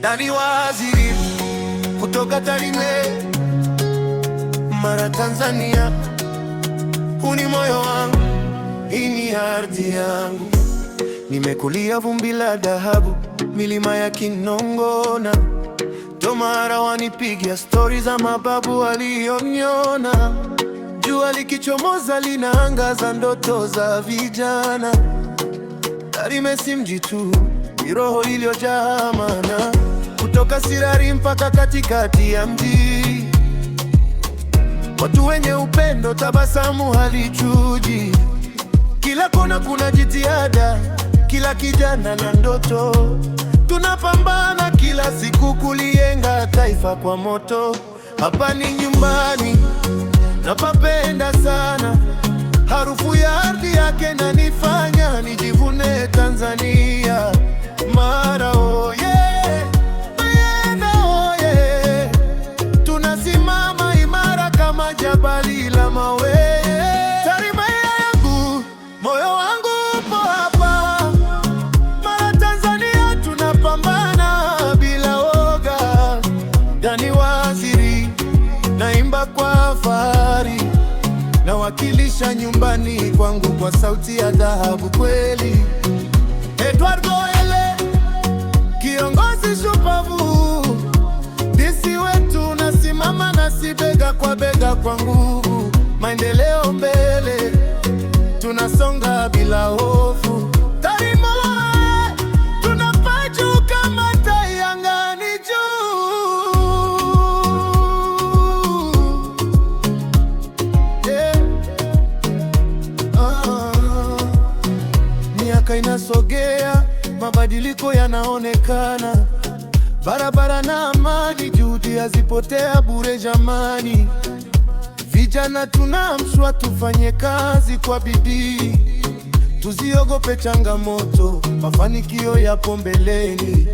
Dani Waziri kutoka Tarime, Mara, Tanzania. Huu ni moyo wangu, hii ni ardhi yangu. Nimekulia vumbi la dhahabu, milima ya Kinongona, Tomara wanipigia stori za mababu walioniona. Jua likichomoza linaangaza ndoto za vijana. Tarime si mji tu, ni roho iliyojaa maana kutoka Sirari mpaka katikati ya mji, watu wenye upendo, tabasamu halichuji. Kila kona kuna jitihada, kila kijana na ndoto. Tunapambana kila siku kulienga taifa kwa moto. Hapa ni nyumbani napapenda sana, harufu ya ardhi yake nanifanya Umeniwakilisha nyumbani kwangu kwa sauti ya dhahabu kweli. Edward Goele, kiongozi shupavu, disi wetu nasimama nasi bega kwa bega kwa nguvu. Maendeleo mbele, tunasonga bila hofu. inasogea, mabadiliko yanaonekana. Barabara na amani, juhudi hazipotea bure jamani. Vijana tunaamshwa, tufanye kazi kwa bidii, tuziogope changamoto, mafanikio yapo mbeleni.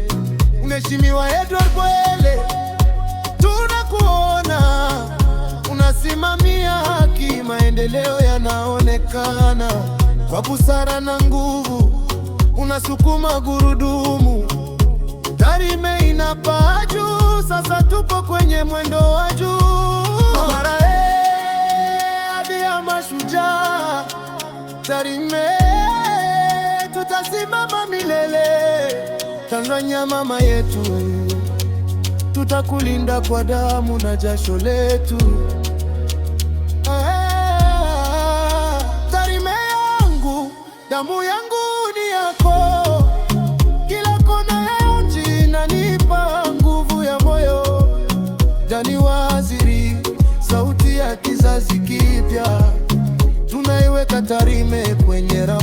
Mheshimiwa Edward Bwele, tunakuona unasimamia haki, maendeleo yanaonekana kwa busara na nguvu unasukuma gurudumu, tarime inapaa juu, sasa tupo kwenye mwendo wa juu, mara eh, hadi ya mashujaa, tarime tutasimama milele. Tanzania mama yetu, tutakulinda kwa damu na jasho letu. tarime eh, yangu, damu yangu yako kila kona ya nchi inanipa nguvu ya moyo. jani waziri sauti ya kizazi kipya, tunaiweka Tarime kwenye